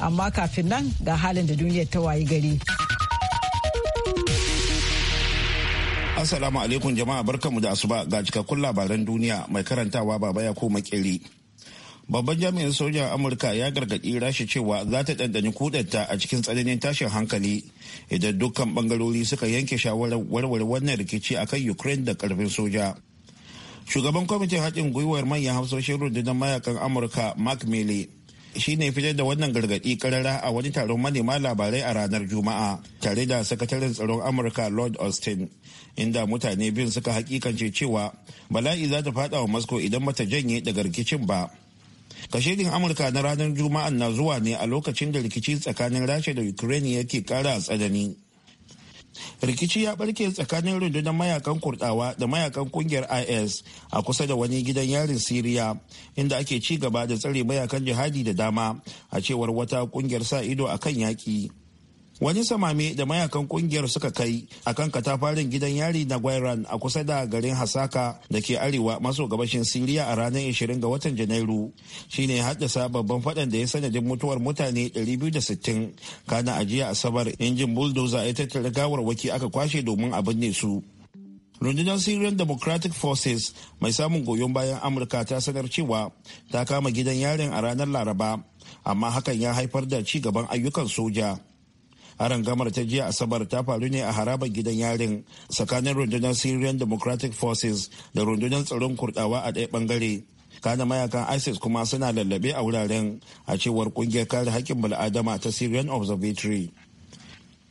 amma kafin nan ga halin da duniyar ta wayi gari. Assalamu alaikum jama'a barkanmu da asuba ga cikakkun labaran duniya mai karantawa baba ya koma kiri. Babban jami'in sojan Amurka ya gargaɗi rashi cewa za ta ɗanɗani kudanta a cikin tsananin tashin hankali idan dukkan bangarori suka yanke shawarar warware wannan rikici akan Ukraine da ƙarfin soja. Shugaban kwamitin haɗin gwiwar manyan hafsoshin rundunar mayakan Amurka Mark Milley Shi ne fitar da wannan gargaɗi karara a wani taron manema labarai a ranar Juma'a tare da sakataren tsaron Amurka Lord Austin inda mutane biyun suka hakikance cewa bala'i za ta fada wa Moscow idan mata janye daga rikicin ba. Kashedin Amurka na ranar juma'a na zuwa ne a lokacin da rikici tsakanin Rasha da Ukraine yake kara tsanani. rikici ya barke tsakanin rundunar mayakan kurdawa da mayakan kungiyar is a kusa da wani gidan yarin siriya inda ake ci gaba da tsare mayakan jihadi da dama a cewar wata kungiyar sa ido a kan yaƙi wani samame da mayakan kungiyar suka kai akan katafarin gidan yari na gwairan a kusa da garin hasaka da ke arewa maso gabashin siriya a ranar 20 ga watan janairu shine haddasa babban fadan da ya sanadin mutuwar mutane 260 kana ajiya asabar injin bulldozer ya tattara waki aka kwashe domin abin binne su rundunar syrian democratic forces mai samun goyon bayan amurka ta sanar cewa ta kama gidan yarin a ranar laraba amma hakan ya haifar da ci gaban ayyukan soja gamar ta jiya asabar ta faru ne a harabar gidan yarin tsakanin rundunar syrian democratic forces da rundunar tsaron kurdawa a ɗaya bangare kana mayakan isis kuma suna lallabe a wuraren a cewar kungiyar kare haƙƙin bal'adama ta syrian observatory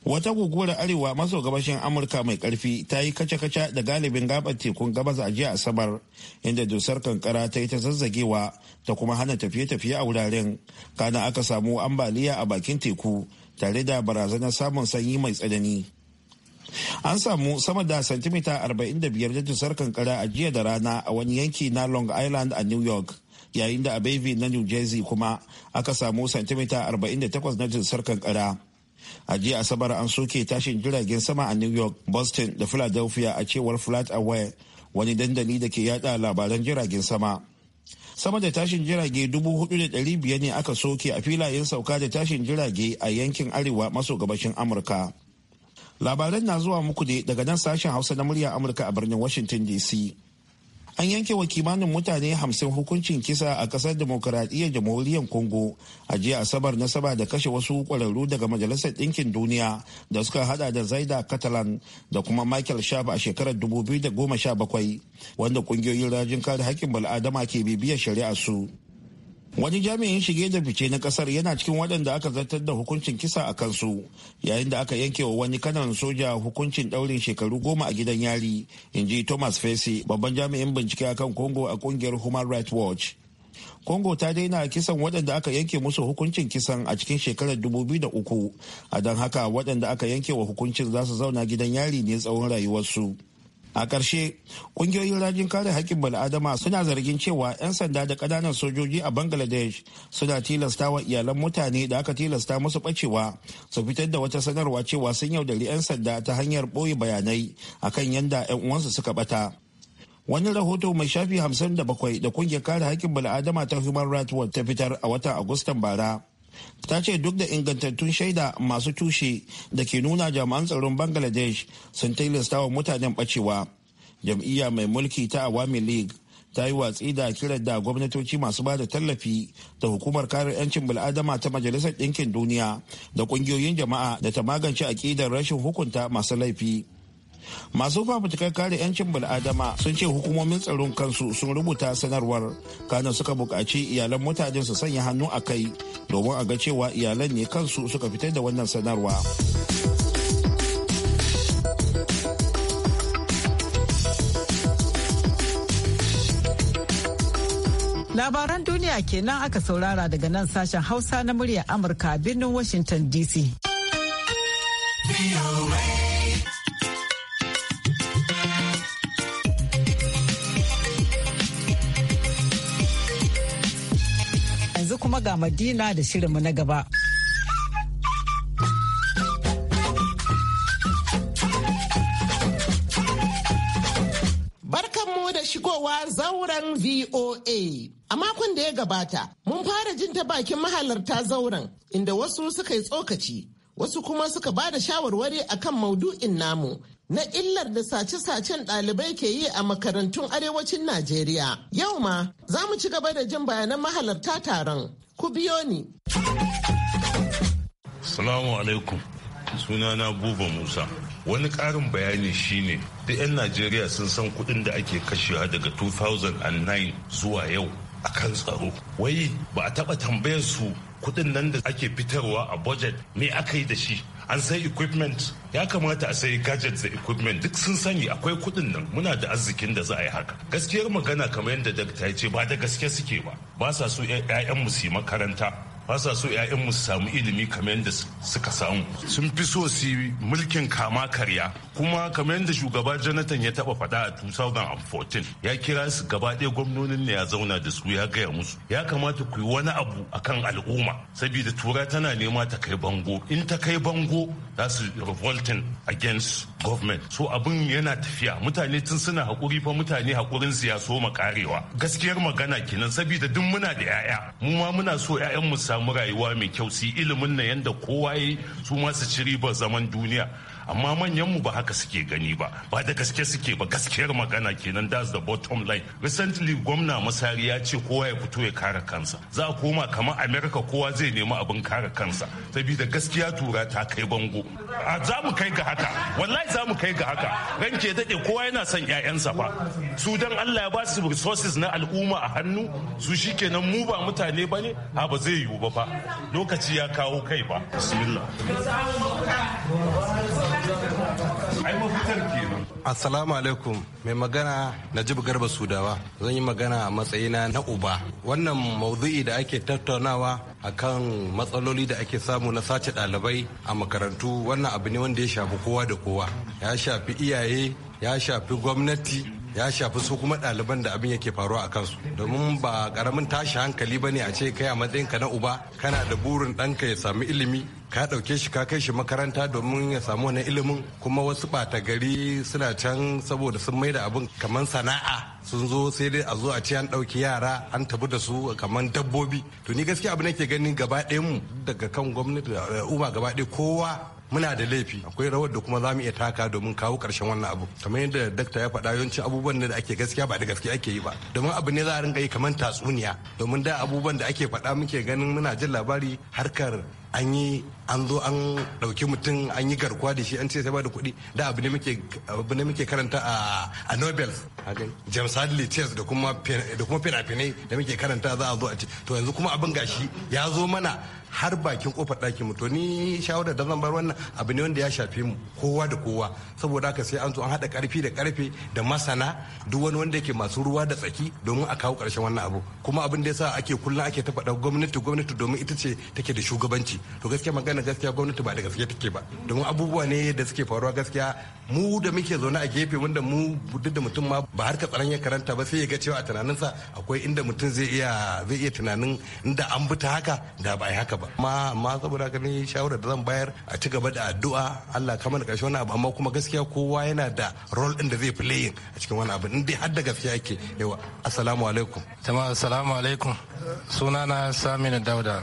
wata guguwar arewa maso gabashin amurka mai karfi ta yi kace-kace da galibin gabar tekun gabas a jiya asabar inda dusar kankara ta yi ta zazzagewa ta kuma hana tafiye-tafiye a wuraren kana aka samu ambaliya a bakin teku tare da barazanar samun sanyi mai tsanani an samu sama da santimita 45 da tusar kankara a jiya da rana a wani yanki na long island a new york yayin da a baby na new jersey kuma aka samu santimita 48 na sarkar kankara a jiya asabar an soke tashin jiragen sama a new york boston da philadelphia a cewar flat aware wani dandali da ke yada labaran jiragen sama sama da tashin jirage 4,500 ne aka soke a filayen sauka da tashin jirage a yankin arewa maso gabashin amurka labaran na zuwa muku ne daga nan sashen hausa na murya amurka a birnin washington dc an yanke wa kimanin mutane hamsin hukuncin kisa a kasar demokuraɗiyyar jamhuriyar congo a jiya asabar na saba da kashe wasu ƙwararru daga majalisar ɗinkin duniya da suka hada da zaida catalan da kuma michael sharp a shekarar 2017 wanda ƙungiyoyin rajin kare haƙƙin bal'adama ke bibiyar shari'ar su wani jami'in shige da fice na kasar yana cikin waɗanda aka zartar da hukuncin kisa a kansu yayin da aka yanke wa wani kanan soja hukuncin ɗaurin shekaru goma a gidan yari in ji thomas fesi babban jami'in bincike akan congo a kungiyar human rights watch congo ta daina kisan waɗanda aka yanke musu hukuncin kisan a cikin shekarar 2003 a don haka waɗanda aka yanke wa hukuncin za su zauna gidan yari ne tsawon rayuwarsu. a ƙarshe ƙungiyoyin rajin kare haƙƙin bal'adama suna zargin cewa 'yan sanda da ƙananan sojoji a bangladesh suna tilasta wa iyalan mutane da aka tilasta musu ɓacewa su fitar da wata sanarwa cewa sun yaudari 'yan sanda ta hanyar ɓoye bayanai akan yadda 'yan uwansu suka ɓata wani rahoto mai shafi 57 da kungiyar kare haƙƙin bal'adama ta human rights watch ta fitar a watan agustan bara ta ce duk da ingantattun shaida masu tushe da ke nuna jami'an tsaron bangladesh sun tilasta wa mutanen bacewa jam'iyya mai mulki ta awami league ta yi watsi da kiran da gwamnatoci masu ba da tallafi da hukumar kare 'yancin bil'adama ta majalisar ɗinkin duniya da ƙungiyoyin jama'a da ta magance aƙidar rashin hukunta masu laifi masu fafutukar kare 'yancin bil'adama sun ce hukumomin tsaron kansu sun rubuta sanarwar kanan suka buƙaci iyalan mutanen su sanya hannu a kai domin a ga cewa iyalan ne kansu suka fitar da wannan sanarwa labaran duniya kenan aka saurara daga nan sashen hausa na murya amurka birnin washington dc kuma ga Madina da shirinmu na gaba. Barkanmu da shigowa zauren VOA. A makon da ya gabata, mun fara jin ta bakin mahalarta zauren inda wasu suka yi tsokaci, wasu kuma suka ba da shawarwari akan maudu'in namu na illar da sace-sacen ɗalibai ke yi a makarantun arewacin Najeriya. Yau ma za mu ci gaba da jin bayanan mahalarta taron. Ku biyo ni. Salamu alaikum. Sunana Buba Musa. Wani ƙarin bayani shine da 'yan Najeriya sun san kuɗin da ake kashewa daga 2009 zuwa yau a kan tsaro. Wai ba a taɓa tambayar su kuɗin nan da ake fitarwa a budget me aka yi da shi an sai equipment ya kamata a sai gadgets da equipment duk sun sani akwai kuɗin nan muna da arzikin da za a yi haka gaskiyar magana kamar yadda dakta ya ce ba da gaske suke ba ba sa su 'ya'yan mu su makaranta ba sa so mu su samu ilimi kamar yadda suka samu sun fi so su mulkin kama karya kuma kamar yadda shugaba jonathan ya taba faɗa a 2014 ya kira su gaba ɗaya gwamnonin ne ya zauna da su ya gaya musu ya kamata ku yi wani abu akan al'umma saboda tura tana nema ta kai bango in ta kai bango za su revolting against government so abin yana tafiya mutane tun suna hakuri fa mutane hakurin su ya so karewa gaskiyar magana kenan saboda duk muna da yaya mu ma muna so yayan mu samu rayuwa mai kyau su ilimin na yanda kowa yi su ma su ci ribar zaman duniya amma manyan mu ba haka suke gani ba ba da gaske suke ba gaskiyar magana kenan that's the bottom line recently gwamna masari ya ce kowa ya fito ya kare kansa za a koma kamar america kowa zai nemi abin kare kansa saboda gaskiya tura ta kai bango za mu kai ga haka wallahi za mu kai ga haka ranke daɗe kowa yana son sa fa su dan allah ya ba su resources na al'umma a hannu su shi kenan mu ba mutane ba ne ha ba zai yiwu ba fa lokaci ya kawo kai ba bismillah asalamu assalamu alaikum mai magana najib garba sudawa zan yi magana a matsayina na uba wannan maudu'i da ake tattaunawa a kan matsaloli da ake samu na sace ɗalibai a makarantu wannan abu ne wanda ya shafi kowa da kowa ya shafi iyaye ya shafi gwamnati ya shafi su kuma ɗaliban da abin yake faruwa a kansu domin ba karamin tashi hankali ba ne a ce kai a ka na uba kana da burin ɗanka ya samu ilimi ka ɗauke shi ka kai shi makaranta domin ya samu wani ilimin kuma wasu ɓata gari suna can saboda sun maida abin kamar sana'a sun zo sai dai a zo a ce an ɗauki yara an tafi da su kamar dabbobi to ni gaskiya abu nake ganin gaba mu daga kan gwamnati da al'umma gaba ɗaya kowa muna da laifi akwai rawar da kuma za mu iya taka domin kawo karshen wannan abu kamar yadda dakta ya faɗa yawancin abubuwan da ake gaskiya ba da gaskiya ake yi ba domin abu ne za a rinka yi kamar tatsuniya domin da abubuwan da ake faɗa muke ganin muna jin labari harkar an yi an zo an dauki mutum an yi garkuwa da shi an ce sai ba da kuɗi da abu ne muke karanta a a Nobel James Hadley Chase da kuma da kuma fina-finai da muke karanta za a zo a ce to yanzu kuma abin gashi ya zo mana har bakin kofar ɗakin mu to ni shawara da zan bar wannan abu ne wanda ya shafe mu kowa da kowa saboda haka sai an zo an haɗa ƙarfi da karfe da masana duk wani wanda yake masu ruwa da tsaki domin a kawo karshen wannan abu kuma abin da yasa ake kullum ake ta faɗa gwamnati gwamnati domin ita ce take da shugabanci to gaskiya magana gaskiya gwamnati ba da gaskiya take ba domin abubuwa ne da suke faruwa gaskiya mu da muke zaune a gefe wanda mu duk da mutum ma ba harka tsaron ya karanta ba sai ya ga cewa a tunaninsa akwai inda mutum zai iya zai iya tunanin inda an bi ta haka da ba haka ba amma amma saboda ganin shawara da zan bayar a ci gaba da addu'a Allah kamar da karshe wani abu amma kuma gaskiya kowa yana da role din da zai playing a cikin wani abu in har da gaskiya yake yawa assalamu alaikum jama'a assalamu alaikum sunana Saminu Dauda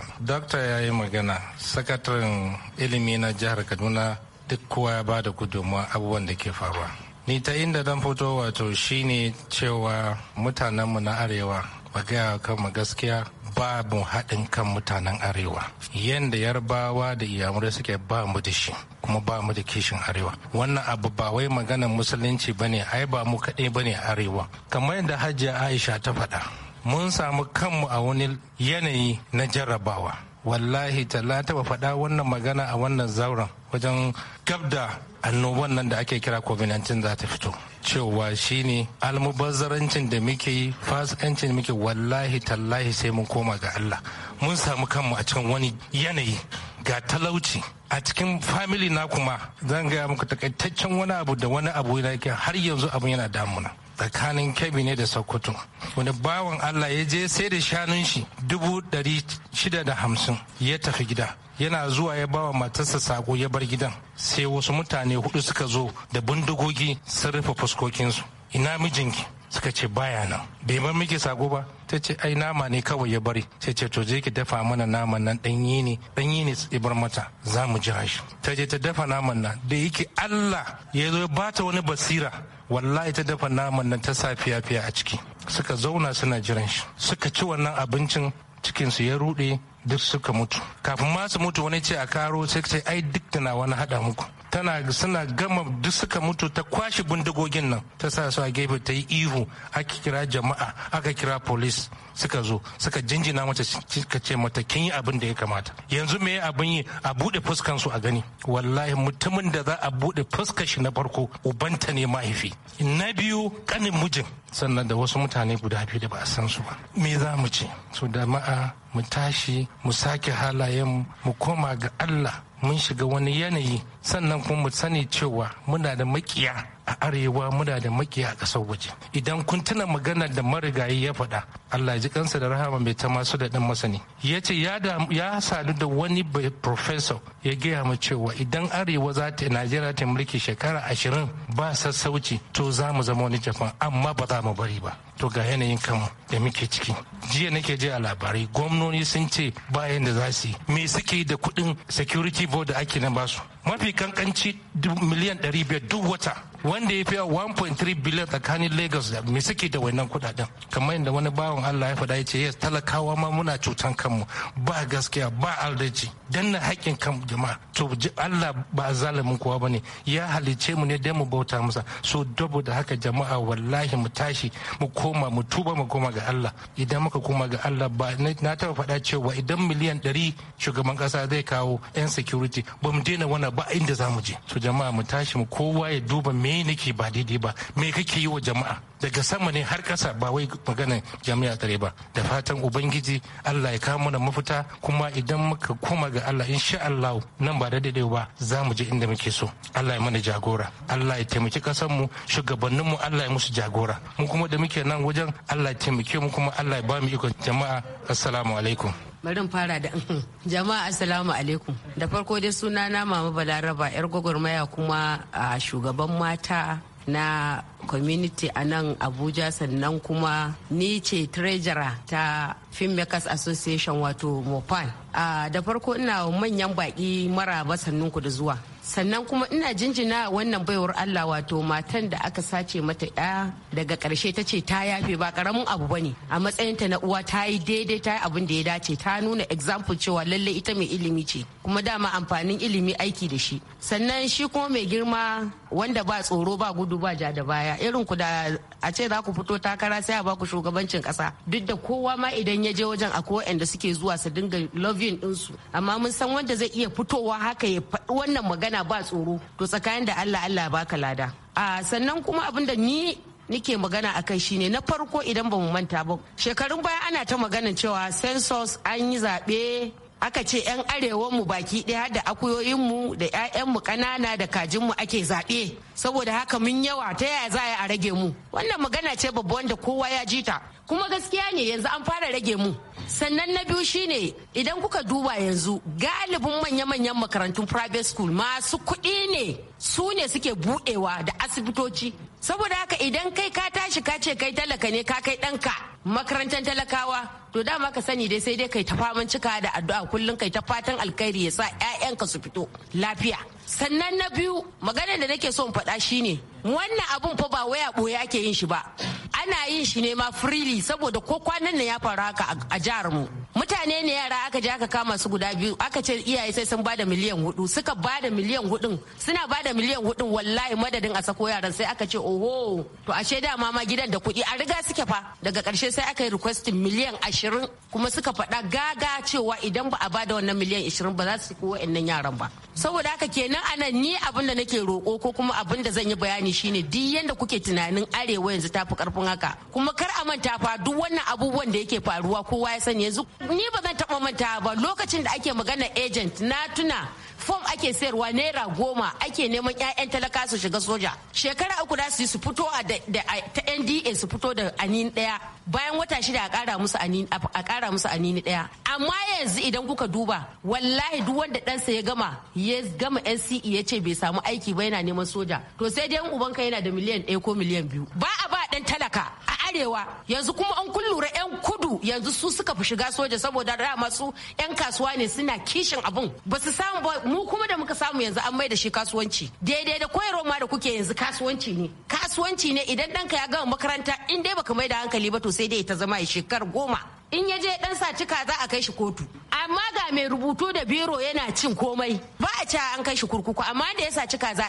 ya yayi magana sakataren ilimi na jihar kaduna duk kowa ya ba da gudunmawa abubuwan da ke faruwa ni ta inda dan fito wato shine cewa mutanenmu na arewa ba gaya kanmu gaskiya ba mu haɗin kan mutanen arewa Yanda yarbawa da iyamurai suke ba mu da shi kuma ba mu da kishin arewa wannan abu ba wai maganar musulunci bane ai ba mu kaɗai bane arewa kamar yadda hajjiya aisha ta faɗa mun samu kanmu a wani yanayi na jarrabawa wallahi talla taba faɗa wannan magana a wannan zauren wajen gab da annoban nan da ake kira covid-19 za ta fito cewa shi ne almubazzarancin da muke yi fasikancin da muke wallahi tallahi sai mun koma ga Allah mun samu kanmu a cikin wani yanayi ga talauci a cikin family na kuma zan gaya muku takaitaccen wani abu da wani abu yana har yanzu abun yana damuna tsakanin kebi ne da sokoto wani bawan allah ya je sai da shanun shi dubu dari shida da hamsin ya tafi gida yana zuwa ya bawa matarsa sako ya bar gidan sai wasu mutane hudu suka zo da bindigogi sun rufe fuskokinsu ina mijinki suka ce baya nan bai ma miki sako ba ta ce ai nama ne kawai ya bari ta ce to je ki dafa mana naman nan ɗanyi ne ɗanyi ne su bar mata za mu ji shi ta je ta dafa naman nan da yake Allah ya zo ya bata wani basira wallahi ta dafa naman nan ta sa fiya-fiya a ciki suka zauna suna jiran shi suka ci wannan abincin cikinsu ya rude duk suka mutu kafin ma su mutu wani ce a karo sai ce ai duk da na wani haɗa muku tana suna gama duk suka mutu ta kwashe bindigogin nan ta sa su a gefe ta yi ihu aka kira jama'a aka kira police suka zo suka jinjina mata suka ce mata kin yi abin da ya kamata yanzu me abin yi a bude fuskan su a gani wallahi mutumin da za a bude fuskar shi na farko ubanta ne mahaifi na biyu kanin mijin sannan da wasu mutane guda biyu da ba a san su ba me za mu ce su jama'a mu tashi mu sake halayen mu koma ga Allah mun shiga wani yanayi sannan kuma mu sani cewa muna da makiya a arewa muna da makiya a ƙasar waje idan kun tuna magana da marigayi ya faɗa allah ji kansa da rahama mai ta masu da ɗan masani ya ce ya sadu da wani professor ya gaya mu cewa idan arewa za ta najeriya ta mulki shekara ashirin ba sassauci to za mu zama wani japan amma ba za mu bari ba to ga yanayin kanmu da muke ciki jiya nake je a labarai gwamnoni sun ce bayan da za su yi me suke da kuɗin security board da ake na basu mafi kankanci miliyan 500 duk wata wanda ya fi 1.3 biliyan tsakanin lagos da mai suke da wannan kudaden kamar yadda wani bawan allah ya faɗa ya ce yes talakawa ma muna cutan kanmu ba gaskiya ba aldaji na haƙƙin kan jama'a to allah ba zalimin kowa ba ne ya halice mu ne don mu bauta masa so dabo da haka jama'a wallahi mu tashi mu koma mu tuba mu koma ga allah idan muka koma ga allah ba na taɓa faɗa cewa idan miliyan ɗari shugaban ƙasa zai kawo 'yan security ba mu daina wani ba inda za mu je to jama'a mu tashi mu kowa ya duba me me nake ba daidai ba me kake yi wa jama'a daga sama ne har kasa ba wai maganar jami'a tare ba da fatan ubangiji allah ya kawo mana mafita kuma idan muka koma ga allah insha allah nan ba da daidai ba za mu je inda muke so allah ya mana jagora allah ya taimaki kasar mu shugabannin mu allah ya musu jagora mu kuma da muke nan wajen allah ya taimake mu kuma allah ya ba mu ikon jama'a assalamu alaikum bari fara da jama'a assalamu alaikum da farko dai suna na mama balaraba yar gwagwarmaya kuma a shugaban mata na community a nan abuja sannan kuma ni ce treasurer ta filmmakers association wato mopan da farko ina manyan baki maraba sannunku da zuwa sannan kuma ina jinjina wannan baiwar Allah wato matan da aka sace mata ya daga karshe ta ce ta yafe ba karamin abu bane a matsayinta na uwa ta yi daidai ta yi abin da ya dace ta nuna example cewa lalle ita mai ilimi ce kuma dama amfanin ilimi aiki da shi sannan shi kuma mai girma wanda ba tsoro ba gudu ba ja da baya irin ku da a ce za ku fito takara sai a ba ku shugabancin kasa duk da kowa ma idan ya je wajen akwai waɗanda suke zuwa su dinga loving ɗinsu amma mun san wanda zai iya fitowa haka ya faɗi wannan magana ba tsoro to tsakanin da Allah Allah baka lada a sannan kuma abin da ni nike magana a kai shine na farko idan ba mu manta ba shekarun baya ana ta magana cewa census an yi zaɓe aka ce 'yan mu baki ɗaya da akuyoyin mu da 'ya'yanmu kanana da kajinmu ake zaɓe saboda haka mun yawa ta yaya za a rage mu wannan magana ce babba wanda kowa ya ji ta kuma gaskiya ne yanzu an fara rage mu sannan na biyu shine idan kuka duba yanzu galibin manya-manyan makarantun private school masu kuɗi ne su ne suke buɗewa da asibitoci saboda haka idan kai ka tashi ka ce kai talaka ne ka kai ɗanka makarantar talakawa to dama ka sani dai sai dai kai ta faman cika da addu'a kullum kai ta fatan alkhairi ya sa ƴaƴanka su fito lafiya sannan na biyu maganar da nake son faɗa shine wannan abun fa ba waya ɓoye ake yin shi ba ana yin shi ne ma freely saboda ko kwanan nan ya faru haka a jihar mu mutane ne yara aka je aka kama su guda biyu aka ce iyaye sai sun bada miliyan hudu suka bada miliyan hudun suna bada miliyan hudun wallahi madadin a sako yaran sai aka ce o. oho to ashe dama ma gidan da kuɗi a riga suke fa daga ƙarshe sai aka yi requestin miliyan ashirin kuma suka faɗa gaga cewa idan ba a ba da wannan miliyan ashirin ba za su ko wa'annan yaran ba saboda haka kenan anan ni abin da nake roƙo ko kuma abin da zan yi bayani shine duk yanda kuke tunanin arewa yanzu ta fi karfin haka kuma kar a manta fa duk wannan abubuwan da yake faruwa kowa ya sani yanzu ni ba zan taɓa manta ba lokacin da ake magana agent na tuna fom ake sayarwa naira goma ake neman 'ya'yan talaka su shiga soja shekara uku da su su fito ta nda su fito da anini daya bayan wata shida a kara musu anini a daya amma yanzu idan kuka duba wallahi duk wanda ɗansa ya gama ya gama nce ya ce bai samu aiki ba yana neman soja to sai dai ubanka yana da miliyan daya ko miliyan biyu ba a ba dan talaka arewa yanzu kuma an lura 'yan kudu yanzu su suka fi shiga soja saboda da su 'yan kasuwa ne suna kishin abun ba su samu ba mu kuma da muka samu yanzu an mai da shi kasuwanci daidai da koyarwa ma da kuke yanzu kasuwanci ne kasuwanci ne idan ɗanka ya gama makaranta in dai baka mai da hankali ba to sai dai ta zama shekar goma in ya je dan saci za a kai shi kotu amma ga mai rubutu da biro yana cin komai ba a ce an kai shi kurkuku amma da ya saci kaza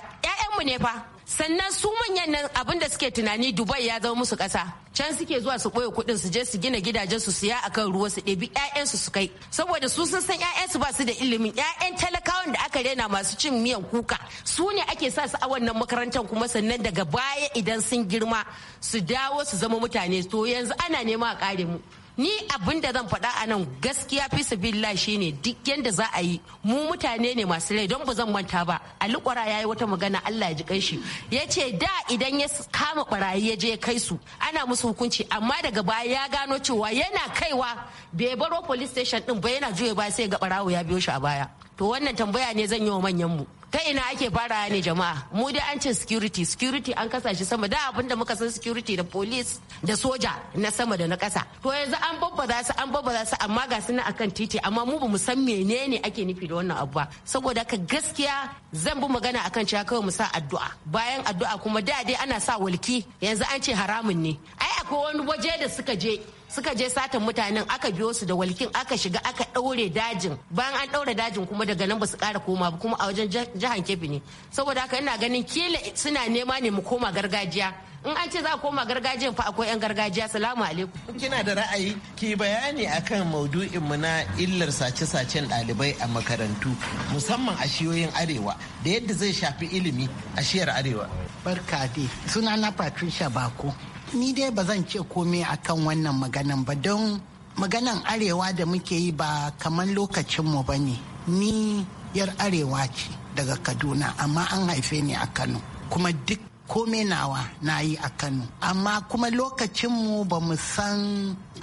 mu ne fa sannan su manyan nan abin da suke tunani dubai ya zama musu kasa can suke zuwa su ɓoye kuɗin su je su gina gidajen su siya akan ruwa su ɗebi ƴaƴansu su kai saboda su sun san ƴaƴansu ba su da ilimin ƴaƴan talakawan da aka rena masu cin miyan kuka su ne ake sa su a wannan makarantar kuma sannan daga baya idan sun girma su dawo su zama mutane to yanzu ana nema a kare mu ni abin da zan faɗa a nan gaskiya fi su billa shine duk yadda za a yi mu mutane ne masu rai don ba zan manta ba ali kwara ya yi wata magana allah ya ji kanshi ya ce da idan ya kama ɓarayi ya je ya kai su ana musu hukunci amma daga baya ya gano cewa yana kaiwa bai baro police station din ba yana juya ba sai ga barawo ya biyo shi a baya to wannan tambaya ne zan yi wa manyan mu ta ina ake farawa ne jama'a mu dai an ce security security an kasa shi sama da abin da muka san security da police da soja na sama da na kasa to yanzu an babbaza su an babbaza su amma ga su na akan titi amma mu ba mu san menene ake nufi da wannan abu ba saboda ka gaskiya zan bi magana akan cewa kawai mu sa addu'a bayan addu'a kuma da dai ana sa walki yanzu an ce haramun ne ai akwai wani waje da suka je suka je satan mutanen aka biyo su da walkin aka shiga aka ɗaure dajin bayan an ɗaure dajin kuma daga nan ba su ƙara koma ba kuma a wajen jihar Kebbi ne saboda haka ina ganin kila suna nema ne mu koma gargajiya in an ce za a koma gargajiya fa akwai yan gargajiya salamu alaikum kina da ra'ayi ki bayani akan maudu'in mu na illar sace-sacen ɗalibai a makarantu musamman a shiyoyin arewa da yadda zai shafi ilimi a shiyar arewa barka dai sunana patricia bako ni dai ba zan ce komai akan wannan maganan ba don maganan arewa da muke yi ba kamar lokacinmu ba ne ni yar arewa ce daga kaduna amma an haife ni a kano kuma duk kome nawa na yi a kano amma kuma lokacinmu ba mu san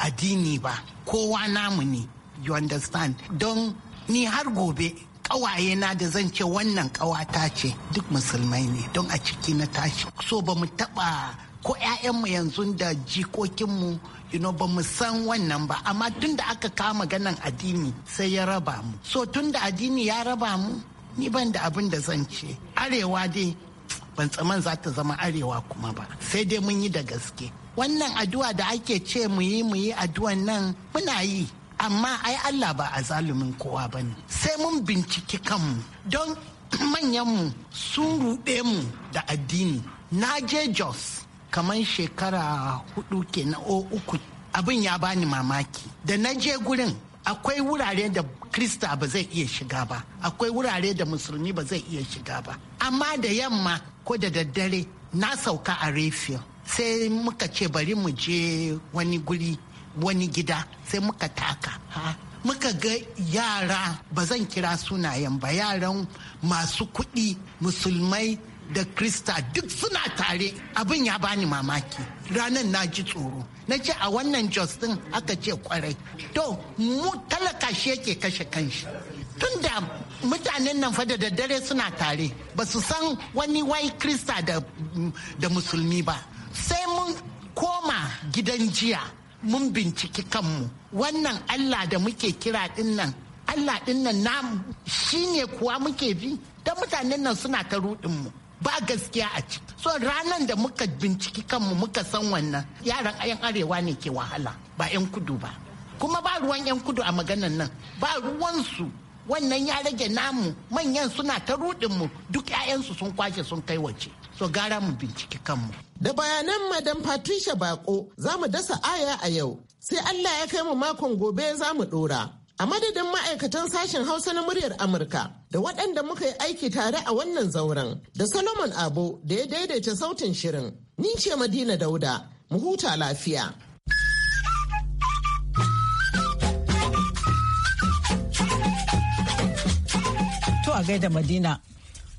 addini ba kowa namu ne you understand don ni har gobe kawaye na da zan ce wannan kawata ce duk musulmai ne don a ciki na tashi so ba mu taba ko 'ya'yanmu yanzu da jikokinmu mu, ba mu san wannan ba amma tun da aka kama ganin addini sai ya raba mu so tun da addini ya raba mu ni ban da abin da zan ce arewa dai ban tsaman za ta zama arewa kuma ba sai dai mun yi da gaske wannan addu'a da ake ce mu yi mu yi addu'an nan muna yi amma ai Allah ba a zalumin kowa ba ne sai mun binciki kanmu don manyanmu sun ruɗe mu da addini na je jos kamar shekara hudu kenan o uku abin ya bani mamaki da na je gurin akwai wurare da krista ba zai iya shiga ba akwai wurare da musulmi ba zai iya shiga ba amma da yamma ko da daddare na sauka a refill sai muka ce bari mu je wani guri wani gida sai muka taka muka ga yara ba zan kira sunayen ba yaran masu kuɗi musulmai da krista duk suna tare abin ya bani mamaki ranar na ji tsoro na ce a wannan jos din aka ce kwarai to mu talaka shi yake kashe kanshi tun da mutanen nan fa da daddare suna tare ba su san wani wai krista da musulmi ba sai mun koma gidan jiya mun binciki kanmu wannan allah da muke kira din allah din nan ne shine kuwa muke bi don mutanen nan suna ta rudin mu ba gaskiya a ciki so ranar da muka binciki kanmu muka san wannan yaran ayan arewa ne ke wahala ba 'yan kudu ba kuma ba ruwan 'yan kudu a maganan nan ba ruwansu wannan ya rage namu manyan suna ta mu duk 'ya'yansu sun kwashe sun kai waje so gara mu binciki kanmu da bayanan madam patricia bako za mu dasa aya a yau sai allah ya kai mu makon gobe za mu ɗora. a madadin ma'aikatan sashen hausa na muryar amurka da waɗanda muka yi aiki tare a wannan zauren da solomon abu da ya daidaita sautin shirin ni ce madina dauda mu huta lafiya to a gaida madina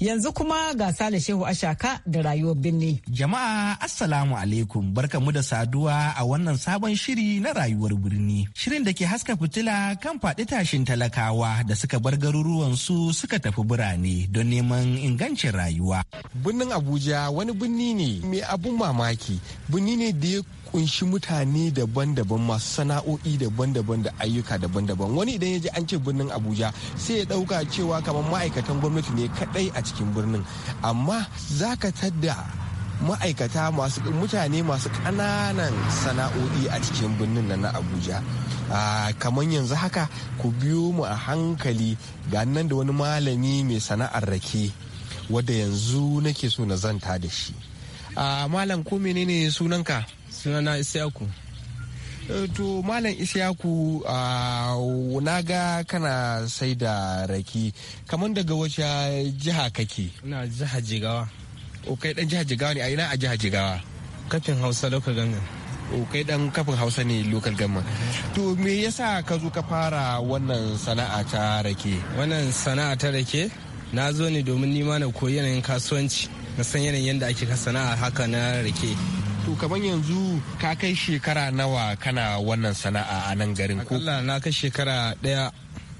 Yanzu kuma ga Sale Shehu Ashaka da rayuwar birni. Jama'a Assalamu alaikum barka mu da saduwa a wannan sabon shiri na rayuwar birni. Shirin da ke haska fitila kan faɗi tashin talakawa da suka bar garuruwan su suka tafi birane don neman ingancin rayuwa. Birnin Abuja wani birni ne mai abun mamaki, birni ne da kunshi mutane daban-daban masu sana'o'i daban-daban da ayyuka daban-daban wani idan ya ji an ce birnin abuja sai ya dauka cewa kamar ma'aikatan gwamnati ne kadai a cikin birnin amma za ka tadda ma'aikata masu mutane masu ƙananan sana'o'i a cikin birnin nan na abuja kamar yanzu haka ku biyo mu a hankali ga nan da wani malami mai sana'ar rake wadda yanzu nake so na zanta da shi malam ko menene sunanka sunana isiyaku eh, to malam isiyaku ah, na ga kana sai da raki kamar daga wace jiha kake na jiha jigawa o kai dan jiha jigawa ne a ina a jiha jigawa kafin hausa lokal government o kai dan kafin hausa ne lokal government to me yasa ka zo ka fara wannan sana'a ta rake wannan sana'a ta rake na zo ne domin nima na koyi yanayin kasuwanci na san yanayin yadda ake ka sana'a haka na rake To kamar yanzu ka kai shekara nawa kana wannan sana'a a nan garin ko? Allah na kai shekara ɗaya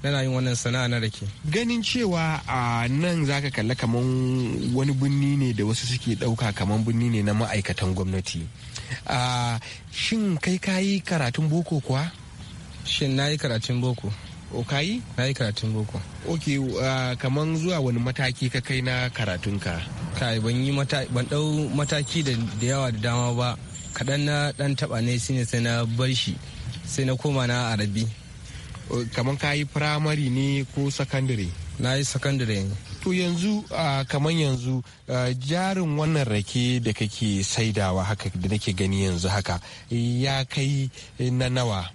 yana yin wannan sana'a na rake. Ganin cewa a nan zaka kalla kaman wani birni ne da wasu suke ɗauka kaman birni ne na ma'aikatan gwamnati. Shin kai kayi karatun boko kuwa? Shin na yi karatun boko. o kayi na yi karatun boko ok uh, kaman zuwa wani mataki ka kai na karatunka kai ban yi ban dau mataki da yawa da dama ba kaɗan na ɗan taɓa ne shine sai na bar shi sai na koma na arabi kaman ka yi firamare ne ko sakandare na yi sakandare ne to yanzu uh, ah, kamar yanzu ah, jarin wannan rake da kake saidawa haka da nake gani yanzu haka ya kai na nawa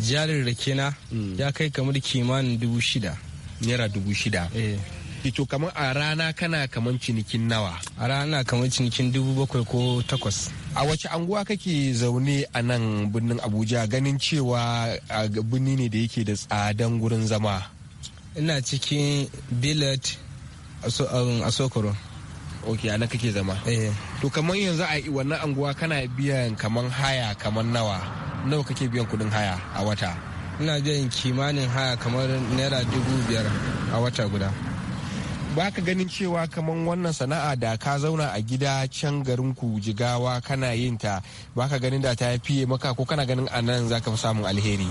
jarin rake na mm. ya kai kamar kimanin dubu shida naira dubu shida eh. to kamar a rana kana kamar cinikin nawa a rana kamar cinikin dubu bakwai ko takwas a wace anguwa kake zaune a nan birnin abuja ganin cewa a birni ne da yake da tsadan gurin zama ina cikin billet a um, sokoro ok a nan kake zama eh. to kamar yanzu a wannan anguwa kana biyan kamar haya kamar nawa nawa kake biyan kuɗin haya a wata ina biyan kimanin haya kamar naira dubu biyar a wata guda ba ka ganin cewa kamar wannan sana'a da ka zauna a gida can garin ku jigawa kana yin ta ba ka ganin da ta fiye maka ko kana ganin a nan za fi samun alheri